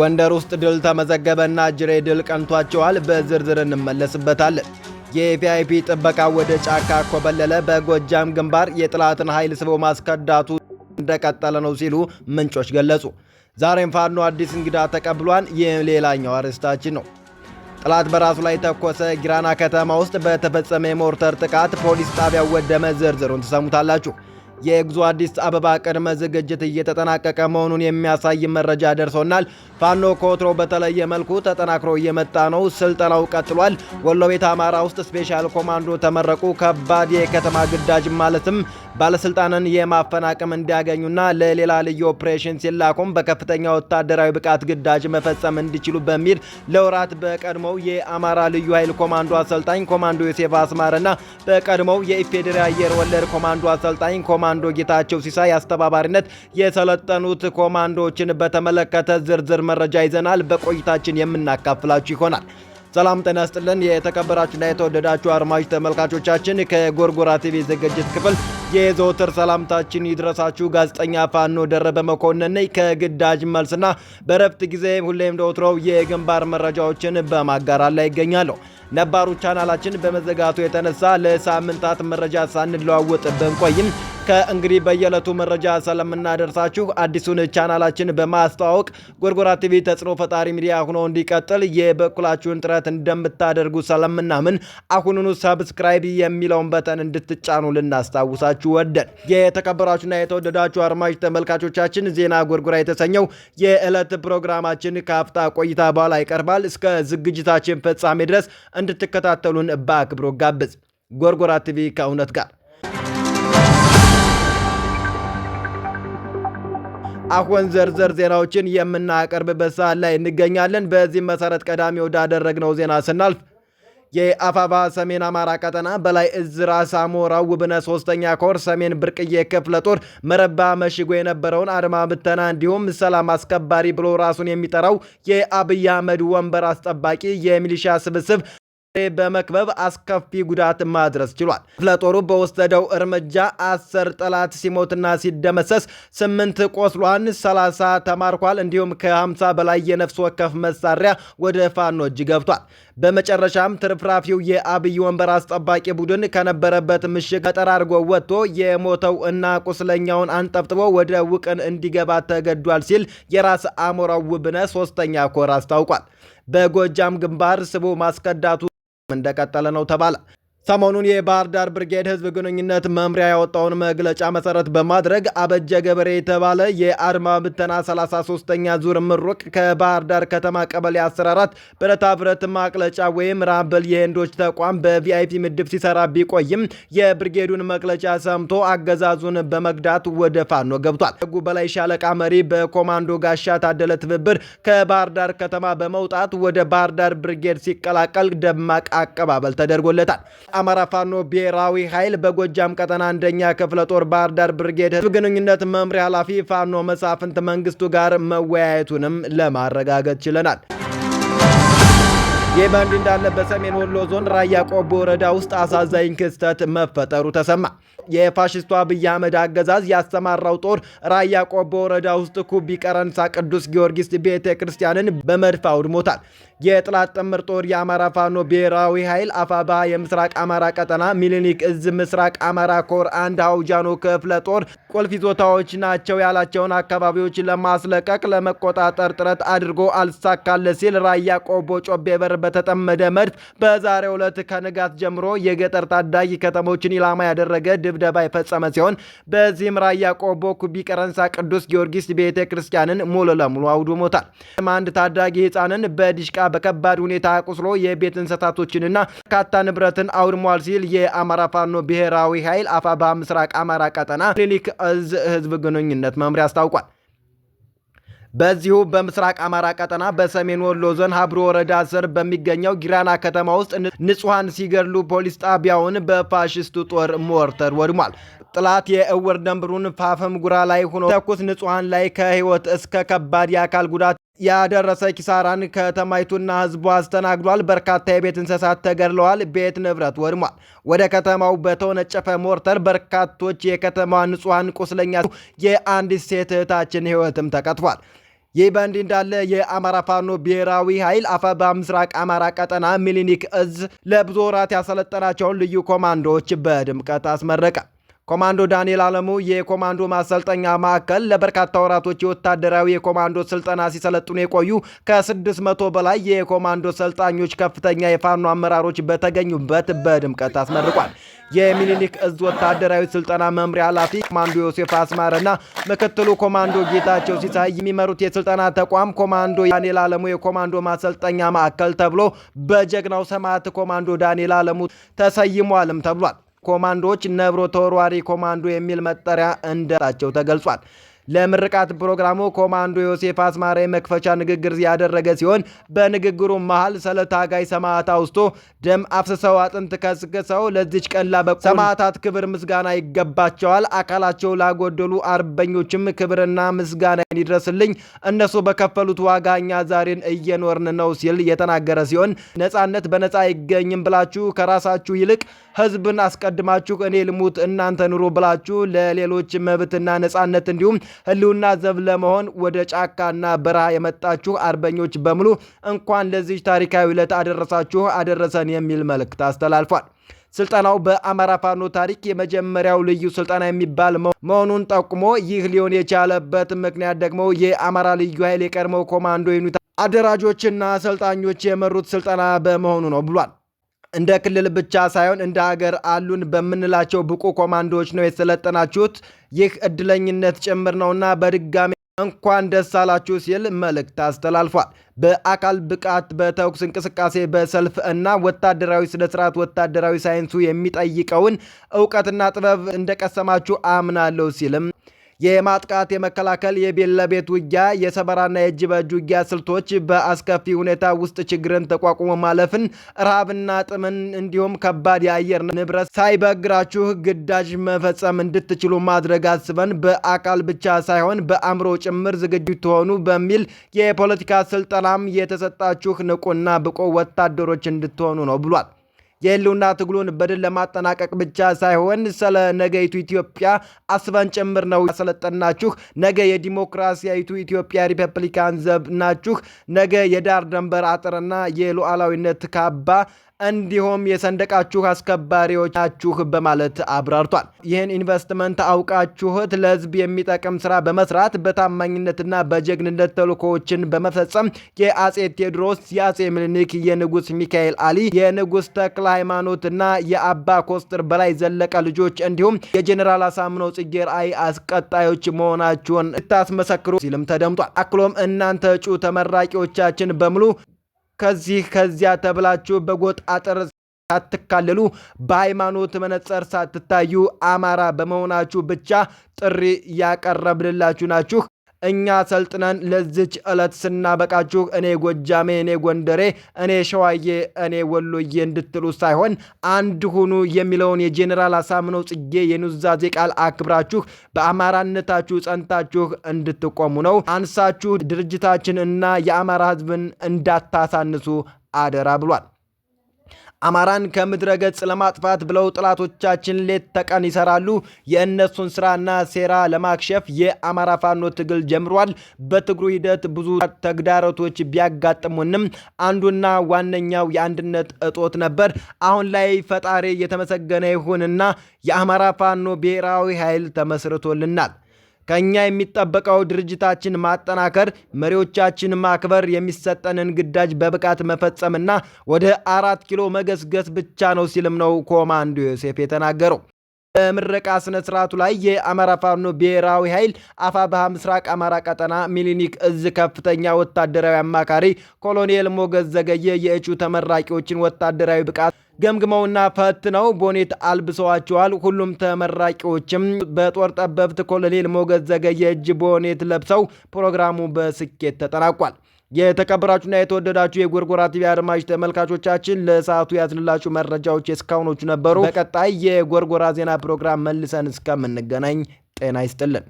ጎንደር ውስጥ ድል ተመዘገበና ጅሬ ድል ቀንቷቸዋል። በዝርዝር እንመለስበታለን። የቪአይፒ ጥበቃ ወደ ጫካ ኮበለለ። በጎጃም ግንባር የጥላትን ኃይል ስቦ ማስከዳቱ እንደቀጠለ ነው ሲሉ ምንጮች ገለጹ። ዛሬም ፋኖ አዲስ እንግዳ ተቀብሏል። ይህ ሌላኛው አርዕስታችን ነው። ጥላት በራሱ ላይ ተኮሰ። ጊራና ከተማ ውስጥ በተፈጸመ የሞርተር ጥቃት ፖሊስ ጣቢያው ወደመ። ዝርዝሩን ትሰሙታላችሁ። የኤግዞ አዲስ አበባ ቅድመ ዝግጅት እየተጠናቀቀ መሆኑን የሚያሳይ መረጃ ደርሶናል። ፋኖ ኮትሮ በተለየ መልኩ ተጠናክሮ እየመጣ ነው። ስልጠናው ቀጥሏል። ወሎ ቤት አማራ ውስጥ ስፔሻል ኮማንዶ ተመረቁ። ከባድ የከተማ ግዳጅ ማለትም ባለስልጣንን የማፈን አቅም እንዲያገኙና ለሌላ ልዩ ኦፕሬሽን ሲላኩም በከፍተኛ ወታደራዊ ብቃት ግዳጅ መፈጸም እንዲችሉ በሚል ለወራት በቀድሞው የአማራ ልዩ ኃይል ኮማንዶ አሰልጣኝ ኮማንዶ ዮሴፍ አስማርና በቀድሞው የኢፌዴሪ አየር ወለድ ኮማንዶ አሰልጣኝ ኮማ ኮማንዶ ጌታቸው ሲሳይ አስተባባሪነት የሰለጠኑት ኮማንዶዎችን በተመለከተ ዝርዝር መረጃ ይዘናል። በቆይታችን የምናካፍላችሁ ይሆናል። ሰላም ጤና ስጥልን። የተከበራችሁና የተወደዳችሁ አድማጭ ተመልካቾቻችን ከጎርጎራ ቲቪ ዝግጅት ክፍል የዘወትር ሰላምታችን ይድረሳችሁ። ጋዜጠኛ ፋኖ ደረበ መኮንን ከግዳጅ መልስና በረፍት ጊዜ ሁሌም እንደወትሮው የግንባር መረጃዎችን በማጋራት ላይ ይገኛለሁ። ነባሩ ቻናላችን በመዘጋቱ የተነሳ ለሳምንታት መረጃ ሳንለዋወጥ ብንቆይም ከእንግዲህ በየዕለቱ መረጃ ስለምናደርሳችሁ አዲሱን ቻናላችን በማስተዋወቅ ጎርጎራ ቲቪ ተጽዕኖ ፈጣሪ ሚዲያ ሆኖ እንዲቀጥል የበኩላችሁን ጥረት እንደምታደርጉ ስለምናምን አሁኑኑ ሰብስክራይብ የሚለውን በተን እንድትጫኑ ልናስታውሳችሁ ወደን። የተከበራችሁና የተወደዳችሁ አድማጭ ተመልካቾቻችን ዜና ጎርጎራ የተሰኘው የዕለት ፕሮግራማችን ከአፍታ ቆይታ በኋላ ይቀርባል። እስከ ዝግጅታችን ፍጻሜ ድረስ እንድትከታተሉን በአክብሮ ጋብዝ። ጎርጎራ ቲቪ ከእውነት ጋር አሁን ዝርዝር ዜናዎችን የምናቀርብበት ሰዓት ላይ እንገኛለን። በዚህም መሰረት ቀዳሚ ወዳደረግነው ዜና ስናልፍ የአፋባ ሰሜን አማራ ቀጠና በላይ እዝ ራስ አሞራ ውብነ ሶስተኛ ኮር ሰሜን ብርቅዬ ክፍለ ጦር መረባ መሽጎ የነበረውን አድማ ብተና እንዲሁም ሰላም አስከባሪ ብሎ ራሱን የሚጠራው የአብይ አህመድ ወንበር አስጠባቂ የሚሊሻ ስብስብ በመክበብ አስከፊ ጉዳት ማድረስ ችሏል። ክፍለ ጦሩ በወሰደው እርምጃ አስር ጠላት ሲሞትና ሲደመሰስ ስምንት ቆስሏን ሰላሳ ተማርኳል። እንዲሁም ከ50 በላይ የነፍስ ወከፍ መሳሪያ ወደ ፋኖ እጅ ገብቷል። በመጨረሻም ትርፍራፊው የአብይ ወንበር አስጠባቂ ቡድን ከነበረበት ምሽግ ተጠራርጎ ወጥቶ የሞተው እና ቁስለኛውን አንጠብጥቦ ወደ ውቅን እንዲገባ ተገዷል ሲል የራስ አሞራው ውብነ ሶስተኛ ኮር አስታውቋል። በጎጃም ግንባር ስቡ ማስከዳቱ እንደቀጠለ ነው ተባለ። ሰሞኑን የባህር ዳር ብርጌድ ህዝብ ግንኙነት መምሪያ ያወጣውን መግለጫ መሰረት በማድረግ አበጀ ገበሬ የተባለ የአድማ ብተና 33ኛ ዙር ምሩቅ ከባህር ዳር ከተማ ቀበሌ 14 ብረታ ብረት ማቅለጫ ወይም ራምበል የህንዶች ተቋም በቪአይፒ ምድብ ሲሰራ ቢቆይም የብርጌዱን መግለጫ ሰምቶ አገዛዙን በመግዳት ወደ ፋኖ ገብቷል። ህጉ በላይ ሻለቃ መሪ በኮማንዶ ጋሻ ታደለ ትብብር ከባህር ዳር ከተማ በመውጣት ወደ ባህር ዳር ብርጌድ ሲቀላቀል ደማቅ አቀባበል ተደርጎለታል። የአማራ ፋኖ ብሔራዊ ኃይል በጎጃም ቀጠና አንደኛ ክፍለ ጦር ባህር ዳር ብርጌድ ህዝብ ግንኙነት መምሪያ ኃላፊ ፋኖ መሳፍንት መንግስቱ ጋር መወያየቱንም ለማረጋገጥ ችለናል። ይህ በእንዲህ እንዳለ በሰሜን ወሎ ዞን ራያ ቆቦ ወረዳ ውስጥ አሳዛኝ ክስተት መፈጠሩ ተሰማ። የፋሽስቱ አብይ አህመድ አገዛዝ ያሰማራው ጦር ራያ ቆቦ ወረዳ ውስጥ ኩቢ ቀረንሳ ቅዱስ ጊዮርጊስ ቤተ ክርስቲያንን በመድፍ አውድሞታል። የጥላት ጥምር ጦር የአማራ ፋኖ ብሔራዊ ኃይል አፋባ የምስራቅ አማራ ቀጠና ሚሊኒክ እዝ ምስራቅ አማራ ኮር አንድ አውጃኖ ክፍለ ጦር ቁልፍ ይዞታዎች ናቸው ያላቸውን አካባቢዎች ለማስለቀቅ ለመቆጣጠር ጥረት አድርጎ አልሳካለ ሲል ራያ ቆቦ ጮቤ በር በተጠመደ መድፍ በዛሬው ዕለት ከንጋት ጀምሮ የገጠር ታዳጊ ከተሞችን ኢላማ ያደረገ ድብደባ የፈጸመ ሲሆን በዚህም ራያ ቆቦ ኩቢ ቀረንሳ ቅዱስ ጊዮርጊስ ቤተ ክርስቲያንን ሙሉ ለሙሉ አውድሞታል። አንድ ታዳጊ ህፃንን በዲሽቃ በከባድ ሁኔታ አቁስሎ የቤት እንስሳቶችንና በርካታ ንብረትን አውድሟል ሲል የአማራ ፋኖ ብሔራዊ ኃይል አፋባ ምስራቅ አማራ ቀጠና ክሊኒክ እዝ ህዝብ ግንኙነት መምሪያ አስታውቋል። በዚሁ በምስራቅ አማራ ቀጠና በሰሜን ወሎ ዞን ሀብሮ ወረዳ ስር በሚገኘው ጊራና ከተማ ውስጥ ንጹሐን ሲገድሉ ፖሊስ ጣቢያውን በፋሽስቱ ጦር ሞርተር ወድሟል። ጥላት የእውር ደንብሩን ፋፈም ጉራ ላይ ሆኖ ተኩስ ንጹሐን ላይ ከህይወት እስከ ከባድ የአካል ጉዳት ያደረሰ ኪሳራን ከተማይቱና ህዝቡ አስተናግዷል። በርካታ የቤት እንስሳት ተገድለዋል። ቤት ንብረት ወድሟል። ወደ ከተማው በተወነጨፈ ሞርተር በርካቶች የከተማ ንጹሐን ቁስለኛ፣ የአንዲት ሴት እህታችን ህይወትም ተቀጥፏል። ይህ በእንዲህ እንዳለ የአማራ ፋኖ ብሔራዊ ኃይል አፈባ ምስራቅ አማራ ቀጠና ሚሊኒክ እዝ ለብዙ ወራት ያሰለጠናቸውን ልዩ ኮማንዶዎች በድምቀት አስመረቀ። ኮማንዶ ዳንኤል አለሙ የኮማንዶ ማሰልጠኛ ማዕከል ለበርካታ ወራቶች የወታደራዊ የኮማንዶ ስልጠና ሲሰለጥኑ የቆዩ ከ600 በላይ የኮማንዶ ሰልጣኞች ከፍተኛ የፋኖ አመራሮች በተገኙበት በድምቀት አስመርቋል። የሚኒሊክ እዝ ወታደራዊ ስልጠና መምሪያ ኃላፊ ኮማንዶ ዮሴፍ አስማረና ምክትሉ ኮማንዶ ጌታቸው ሲሳይ የሚመሩት የስልጠና ተቋም ኮማንዶ ዳንኤል አለሙ የኮማንዶ ማሰልጠኛ ማዕከል ተብሎ በጀግናው ሰማዕት ኮማንዶ ዳንኤል አለሙ ተሰይሟልም ተብሏል። ኮማንዶዎች ነብሮ ተወርዋሪ ኮማንዶ የሚል መጠሪያ እንደጣቸው ተገልጿል። ለምርቃት ፕሮግራሙ ኮማንዶ ዮሴፍ አስማራ መክፈቻ ንግግር ያደረገ ሲሆን በንግግሩ መሃል ስለ ታጋይ ሰማዕት አውስቶ ደም አፍስሰው አጥንት ከስክሰው ለዚች ቀን ላበቁ ሰማዕታት ክብር ምስጋና ይገባቸዋል። አካላቸው ላጎደሉ አርበኞችም ክብርና ምስጋና ይድረስልኝ። እነሱ በከፈሉት ዋጋ እኛ ዛሬን እየኖርን ነው ሲል የተናገረ ሲሆን ነጻነት በነጻ አይገኝም ብላችሁ ከራሳችሁ ይልቅ ህዝብን አስቀድማችሁ እኔ ልሙት እናንተ ኑሩ ብላችሁ ለሌሎች መብትና ነጻነት እንዲሁም ህልውና ዘብ ለመሆን ወደ ጫካና በረሃ የመጣችሁ አርበኞች በሙሉ እንኳን ለዚች ታሪካዊ ዕለት አደረሳችሁ አደረሰን የሚል መልእክት አስተላልፏል። ስልጠናው በአማራ ፋኖ ታሪክ የመጀመሪያው ልዩ ስልጠና የሚባል መሆኑን ጠቁሞ ይህ ሊሆን የቻለበት ምክንያት ደግሞ የአማራ ልዩ ኃይል የቀድሞው ኮማንዶ ዩኒት አደራጆችና አሰልጣኞች የመሩት ስልጠና በመሆኑ ነው ብሏል። እንደ ክልል ብቻ ሳይሆን እንደ ሀገር አሉን በምንላቸው ብቁ ኮማንዶዎች ነው የሰለጠናችሁት ይህ እድለኝነት ጭምር ነውና በድጋሚ እንኳን ደስ አላችሁ ሲል መልእክት አስተላልፏል። በአካል ብቃት፣ በተኩስ እንቅስቃሴ፣ በሰልፍ እና ወታደራዊ ስነስርዓት ወታደራዊ ሳይንሱ የሚጠይቀውን እውቀትና ጥበብ እንደቀሰማችሁ አምናለሁ ሲልም የማጥቃት የመከላከል፣ የቤት ለቤት ውጊያ፣ የሰበራና የእጅ በእጅ ውጊያ ስልቶች በአስከፊ ሁኔታ ውስጥ ችግርን ተቋቁሞ ማለፍን፣ ረሃብና ጥምን እንዲሁም ከባድ የአየር ንብረት ሳይበግራችሁ ግዳጅ መፈጸም እንድትችሉ ማድረግ አስበን በአካል ብቻ ሳይሆን በአእምሮ ጭምር ዝግጁ ትሆኑ በሚል የፖለቲካ ስልጠናም የተሰጣችሁ ንቁና ብቁ ወታደሮች እንድትሆኑ ነው ብሏል። የህልውና ትግሉን በድል ለማጠናቀቅ ብቻ ሳይሆን ስለ ነገይቱ ኢትዮጵያ አስበን ጭምር ነው ያሰለጠናችሁ። ነገ የዲሞክራሲያዊቱ ኢትዮጵያ ሪፐብሊካን ዘብ ናችሁ። ነገ የዳር ደንበር አጥርና የሉዓላዊነት ካባ እንዲሁም የሰንደቃችሁ አስከባሪዎች ናችሁ በማለት አብራርቷል። ይህን ኢንቨስትመንት አውቃችሁት ለህዝብ የሚጠቅም ስራ በመስራት በታማኝነትና በጀግንነት ተልኮዎችን በመፈጸም የአጼ ቴዎድሮስ፣ የአጼ ምኒልክ፣ የንጉስ ሚካኤል አሊ፣ የንጉስ ተክለ ሃይማኖትና የአባ ኮስትር በላይ ዘለቀ ልጆች እንዲሁም የጀኔራል አሳምነው ጽጌ ራዕይ አስቀጣዮች መሆናችሁን ልታስመሰክሩ ሲልም ተደምጧል። አክሎም እናንተ እጩ ተመራቂዎቻችን በሙሉ ከዚህ ከዚያ ተብላችሁ በጎጥ አጥር ሳትካለሉ በሃይማኖት መነጽር ሳትታዩ አማራ በመሆናችሁ ብቻ ጥሪ ያቀረብንላችሁ ናችሁ። እኛ ሰልጥነን ለዚች ዕለት ስናበቃችሁ እኔ ጎጃሜ፣ እኔ ጎንደሬ፣ እኔ ሸዋዬ፣ እኔ ወሎዬ እንድትሉ ሳይሆን አንድ ሁኑ የሚለውን የጄኔራል አሳምነው ጽጌ የኑዛዜ ቃል አክብራችሁ በአማራነታችሁ ጸንታችሁ እንድትቆሙ ነው። አንሳችሁ ድርጅታችን እና የአማራ ሕዝብን እንዳታሳንሱ አደራ ብሏል። አማራን ከምድረ ገጽ ለማጥፋት ብለው ጥላቶቻችን ሌት ተቀን ይሰራሉ። የእነሱን ስራና ሴራ ለማክሸፍ የአማራ ፋኖ ትግል ጀምሯል። በትግሩ ሂደት ብዙ ተግዳሮቶች ቢያጋጥሙንም አንዱና ዋነኛው የአንድነት እጦት ነበር። አሁን ላይ ፈጣሪ የተመሰገነ ይሁንና የአማራ ፋኖ ብሔራዊ ኃይል ተመስርቶልናል። ከእኛ የሚጠበቀው ድርጅታችን ማጠናከር፣ መሪዎቻችን ማክበር፣ የሚሰጠንን ግዳጅ በብቃት መፈጸምና ወደ አራት ኪሎ መገስገስ ብቻ ነው ሲልም ነው ኮማንዶ ዮሴፍ የተናገረው። በምረቃ ስነ ስርዓቱ ላይ የአማራ ፋኖ ብሔራዊ ኃይል አፋብሃ ምስራቅ አማራ ቀጠና ሚሊኒክ እዝ ከፍተኛ ወታደራዊ አማካሪ ኮሎኔል ሞገዝ ዘገየ የእጩ ተመራቂዎችን ወታደራዊ ብቃት ገምግመውና ፈትነው ቦኔት አልብሰዋቸዋል። ሁሉም ተመራቂዎችም በጦር ጠበብት ኮሎኔል ሞገዝ ዘገየ እጅ ቦኔት ለብሰው ፕሮግራሙ በስኬት ተጠናቋል። የተከበራችሁና የተወደዳችሁ የጎርጎራ ቲቪ አድማጭ ተመልካቾቻችን ለሰዓቱ ያዝንላችሁ መረጃዎች የእስካሁኖቹ ነበሩ። በቀጣይ የጎርጎራ ዜና ፕሮግራም መልሰን እስከምንገናኝ ጤና ይስጥልን።